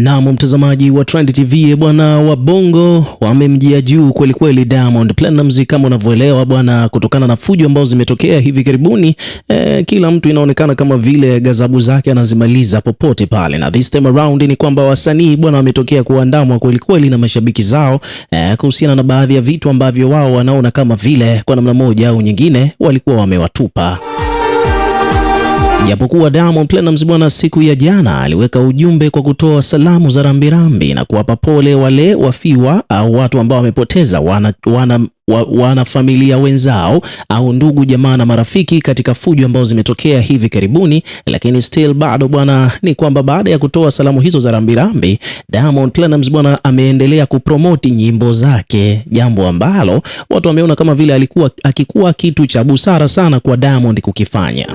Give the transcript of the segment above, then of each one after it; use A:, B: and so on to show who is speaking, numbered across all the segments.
A: Naam, mtazamaji wa Trend TV bwana, wabongo wamemjia juu kweli kweli Diamond Platinumz kama unavyoelewa bwana, kutokana na fujo ambazo zimetokea hivi karibuni eh, kila mtu inaonekana kama vile gazabu zake anazimaliza popote pale, na this time around ni kwamba wasanii bwana wametokea kuandamwa kweli kweli na mashabiki zao eh, kuhusiana na baadhi ya vitu ambavyo wao wanaona kama vile kwa namna moja au nyingine walikuwa wamewatupa Japokuwa Diamond Platnumz bwana, siku ya jana aliweka ujumbe kwa kutoa salamu za rambirambi na kuwapa pole wale wafiwa au watu ambao wamepoteza wana, wana wanafamilia wenzao au ndugu jamaa na marafiki katika fujo ambazo zimetokea hivi karibuni, lakini still bado bwana, ni kwamba baada ya kutoa salamu hizo za rambirambi, Diamond Platnumz bwana ameendelea kupromoti nyimbo zake, jambo ambalo watu wameona kama vile alikuwa akikuwa kitu cha busara sana kwa Diamond kukifanya.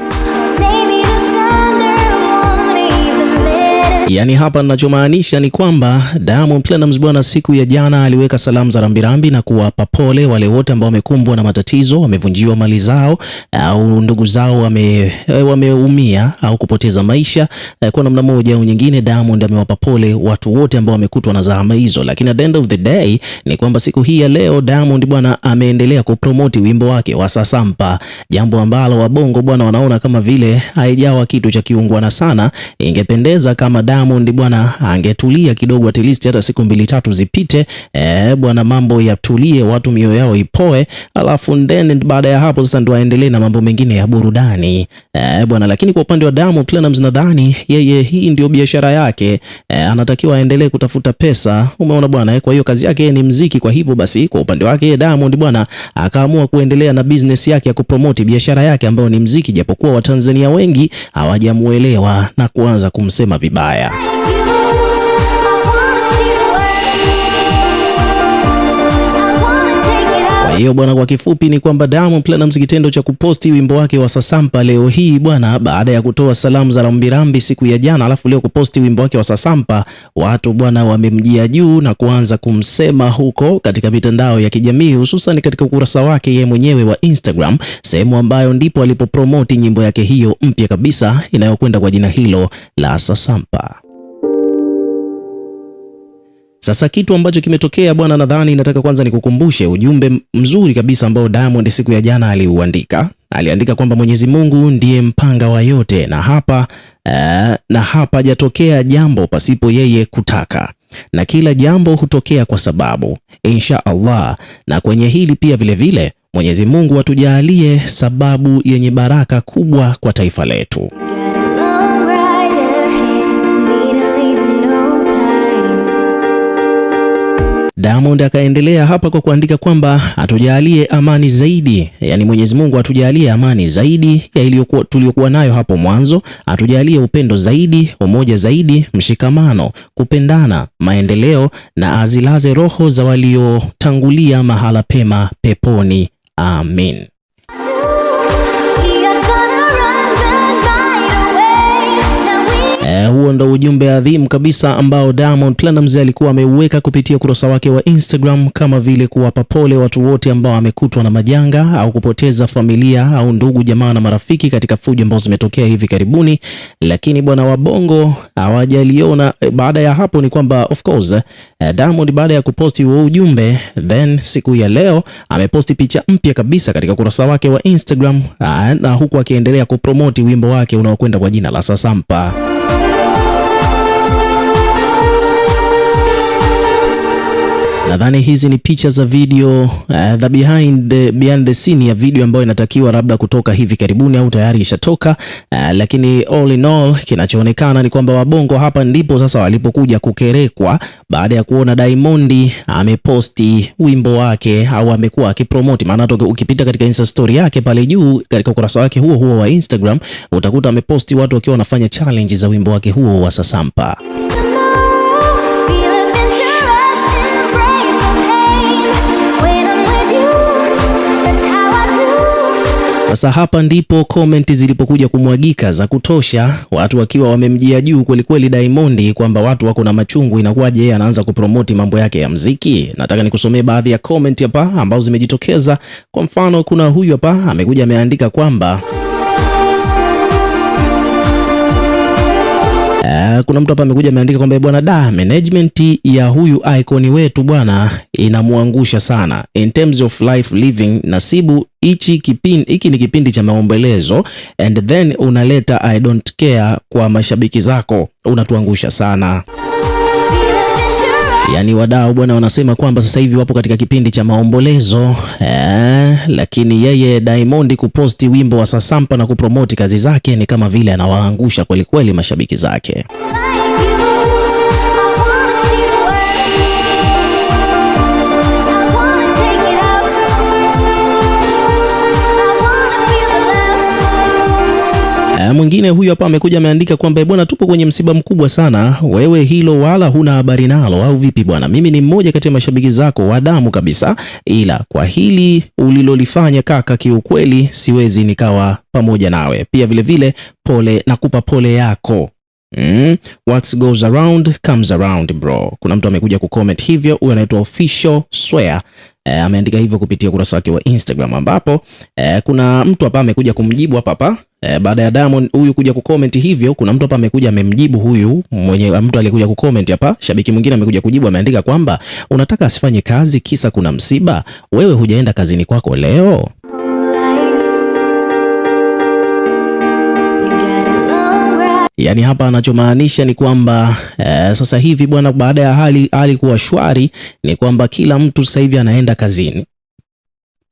A: get it. Yaani hapa ninachomaanisha ni kwamba Diamond Platnumz bwana, siku ya jana aliweka salamu za rambirambi na kuwapa pole wale wote ambao wamekumbwa na matatizo, wamevunjiwa mali zao au ndugu zao eh, wameumia wame au kupoteza maisha eh, kwa namna moja au nyingine. Diamond amewapa pole watu wote ambao wamekutwa na zahama hizo, lakini at the end of the day ni kwamba siku hii ya leo Diamond bwana ameendelea kupromoti wimbo wake wa Sasampa, jambo ambalo wabongo bwana wanaona kama vile haijawa kitu cha kiungwana sana. Ingependeza kama Diamond Diamond bwana angetulia kidogo at least hata siku mbili tatu zipite, eh bwana mambo yatulie, watu mioyo yao ipoe, alafu then baada ya hapo sasa ndo aendelee na mambo mengine ya burudani eh bwana. Lakini kwa upande wa Diamond Platnumz nadhani yeye hii ndio biashara yake e, anatakiwa aendelee kutafuta pesa, umeona bwana. Eh, kwa hiyo kazi yake ni mziki, kwa hivyo basi kwa upande wake Diamond bwana akaamua kuendelea na business yake ya kupromote biashara yake ambayo ni mziki, japokuwa Watanzania wengi hawajamuelewa na kuanza kumsema vibaya. you. hiyo bwana, kwa kifupi ni kwamba Diamond Platnumz kitendo cha kuposti wimbo wake wa Sasampa leo hii bwana, baada ya kutoa salamu za rambirambi siku ya jana, alafu leo kuposti wimbo wake wa Sasampa, watu bwana, wamemjia juu na kuanza kumsema huko katika mitandao ya kijamii, hususan katika ukurasa wake yeye mwenyewe wa Instagram, sehemu ambayo ndipo alipopromoti nyimbo yake hiyo mpya kabisa inayokwenda kwa jina hilo la Sasampa. Sasa kitu ambacho kimetokea bwana, nadhani nataka kwanza nikukumbushe ujumbe mzuri kabisa ambao Diamond siku ya jana aliuandika. Aliandika kwamba Mwenyezi Mungu ndiye mpanga wa yote na hapa eh, na hapa hajatokea jambo pasipo yeye kutaka na kila jambo hutokea kwa sababu, insha Allah. Na kwenye hili pia vilevile Mwenyezi Mungu atujaalie sababu yenye baraka kubwa kwa taifa letu. Diamond akaendelea hapa kwa kuandika kwamba atujalie amani zaidi, yani Mwenyezi Mungu atujalie amani zaidi ya iliyokuwa tuliyokuwa nayo hapo mwanzo, atujalie upendo zaidi, umoja zaidi, mshikamano, kupendana, maendeleo na azilaze roho za waliotangulia mahala pema peponi. Amin. Eh, huo ndo ujumbe adhimu kabisa ambao Diamond Platnumz alikuwa ameuweka kupitia ukurasa wake wa Instagram, kama vile kuwapa pole watu wote ambao amekutwa na majanga au kupoteza familia au ndugu jamaa na marafiki katika fujo ambazo zimetokea hivi karibuni, lakini bwana wabongo hawajaliona. Eh, baada ya hapo ni kwamba of course Eh, Diamond baada ya kuposti huo ujumbe, then siku ya leo ameposti picha mpya kabisa katika ukurasa wake wa Instagram eh, na huku akiendelea kupromoti wimbo wake unaokwenda kwa jina la Sasampa. nadhani hizi ni picha za video uh, the behind the, behind the scene ya video ambayo inatakiwa labda kutoka hivi karibuni au tayari ishatoka. Uh, lakini all in all kinachoonekana ni kwamba wabongo hapa ndipo sasa walipokuja kukerekwa baada ya kuona Diamond ameposti wimbo wake au amekuwa akipromote. Maana ukipita katika Insta story yake pale juu katika ukurasa wake huo huo wa Instagram utakuta ameposti watu wakiwa wanafanya challenge za wimbo wake huo wa Sasampa. Sasa hapa ndipo komenti zilipokuja kumwagika za kutosha, watu wakiwa wamemjia juu kwelikweli Diamond kwamba watu wako na machungu, inakuwaje yeye anaanza kupromoti mambo yake ya mziki. Nataka nikusomee baadhi ya komenti hapa ambazo zimejitokeza. Kwa mfano, kuna huyu hapa amekuja ameandika kwamba kuna mtu hapa amekuja ameandika kwamba eh, bwana, da management ya huyu icon wetu bwana inamwangusha sana in terms of life living. Nasibu hichi kipindi hiki ni kipindi cha maombelezo and then unaleta I don't care kwa mashabiki zako, unatuangusha sana yani wadau bwana wanasema kwamba sasa hivi wapo katika kipindi cha maombolezo eh, lakini yeye Diamond kuposti wimbo wa Sasampa na kupromoti kazi zake ni kama vile anawaangusha kwelikweli mashabiki zake. mwingine huyu hapa amekuja ameandika kwamba bwana, tupo kwenye msiba mkubwa sana, wewe hilo wala huna habari nalo au vipi bwana? Mimi ni mmoja kati ya mashabiki zako wa damu kabisa, ila kwa hili ulilolifanya kaka, kiukweli siwezi nikawa pamoja nawe. Pia vilevile vile, pole nakupa pole yako Mm, what goes around comes around bro. Kuna mtu amekuja kucomment hivyo, huyo anaitwa official swear e, ameandika hivyo kupitia ukurasa wake wa Instagram ambapo e, kuna mtu hapa amekuja kumjibu hapa hapa e, baada ya Diamond huyu kuja kucomment hivyo, kuna mtu hapa amekuja amemjibu huyu mwenye mtu aliyekuja kucomment hapa. Shabiki mwingine amekuja kujibu, ameandika kwamba unataka asifanye kazi kisa kuna msiba, wewe hujaenda kazini kwako leo yani hapa anachomaanisha ni kwamba e, sasa hivi bwana, baada ya hali hali kuwa shwari, ni kwamba kila mtu sasa hivi anaenda kazini.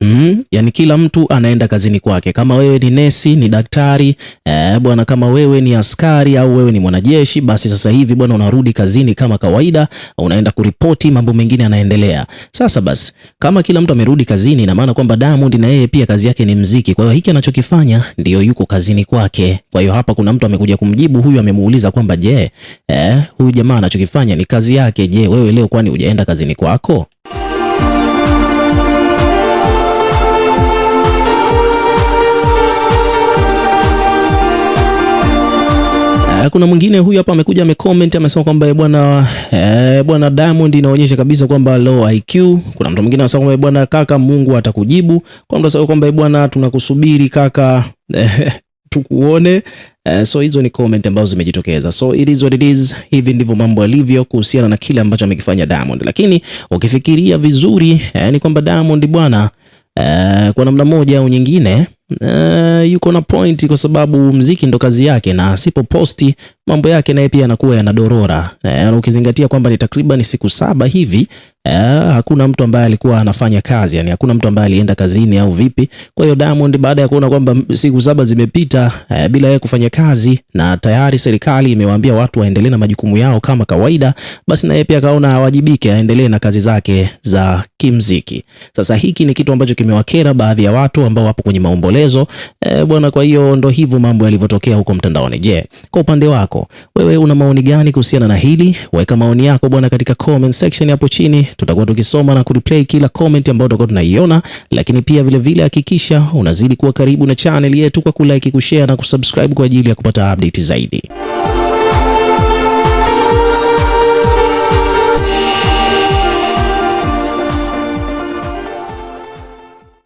A: Mm, yani kila mtu anaenda kazini kwake. Kama wewe ni nesi, ni daktari eh, bwana, kama wewe ni askari au wewe ni mwanajeshi, basi sasa hivi bwana, unarudi kazini kama kawaida, unaenda kuripoti, mambo mengine yanaendelea. Sasa basi, kama kila mtu amerudi kazini, ina maana kwamba Diamond na yeye pia kazi yake ni mziki. Kwa hiyo hiki anachokifanya ndio yuko kazini kwake. Kwa hiyo hapa kuna mtu amekuja kumjibu huyu, amemuuliza kwamba je, eh, huyu jamaa anachokifanya ni kazi yake. Je, wewe leo kwani hujaenda kazini kwako? Uh, Kuna mwingine huyu hapa amekuja amecomment amesema kwamba eh, bwana e, bwana Diamond inaonyesha kabisa kwamba low IQ. Kuna mtu mwingine anasema kwamba bwana kaka, Mungu atakujibu. Kwa mtu anasema kwamba bwana tunakusubiri kaka tukuone. Uh, so hizo ni comment ambazo zimejitokeza, so it is what it is. Hivi ndivyo mambo yalivyo kuhusiana na kile ambacho amekifanya Diamond, lakini ukifikiria vizuri uh, ni kwamba Diamond bwana, uh, kwa namna moja au nyingine Uh, yuko na point kwa sababu mziki ndo kazi yake, na posti mambo yake naye pia yanakuwa yanadorora, eh, na ukizingatia kwamba ni takriban siku saba hivi eh, hakuna mtu ambaye alikuwa anafanya kazi, yani hakuna mtu ambaye alienda kazini au vipi. Kwa hiyo Diamond baada ya kuona kwamba siku saba zimepita eh, bila yeye kufanya kazi na tayari serikali imewaambia watu waendelee na majukumu yao kama kawaida, basi na yeye pia akaona awajibike, aendelee na kazi zake za kimziki. Sasa hiki ni kitu ambacho kimewakera baadhi ya watu ambao wapo kwenye maombolezo eh, bwana. Kwa hiyo ndo hivyo mambo yalivyotokea huko mtandaoni. Je, kwa upande wako wewe una maoni gani kuhusiana na hili? Weka maoni yako bwana katika comment section hapo chini. Tutakuwa tukisoma na kureplay kila comment ambayo tutakuwa tunaiona, lakini pia vilevile hakikisha vile unazidi kuwa karibu na channel yetu kwa kulike, kushare na kusubscribe kwa ajili ya kupata update zaidi.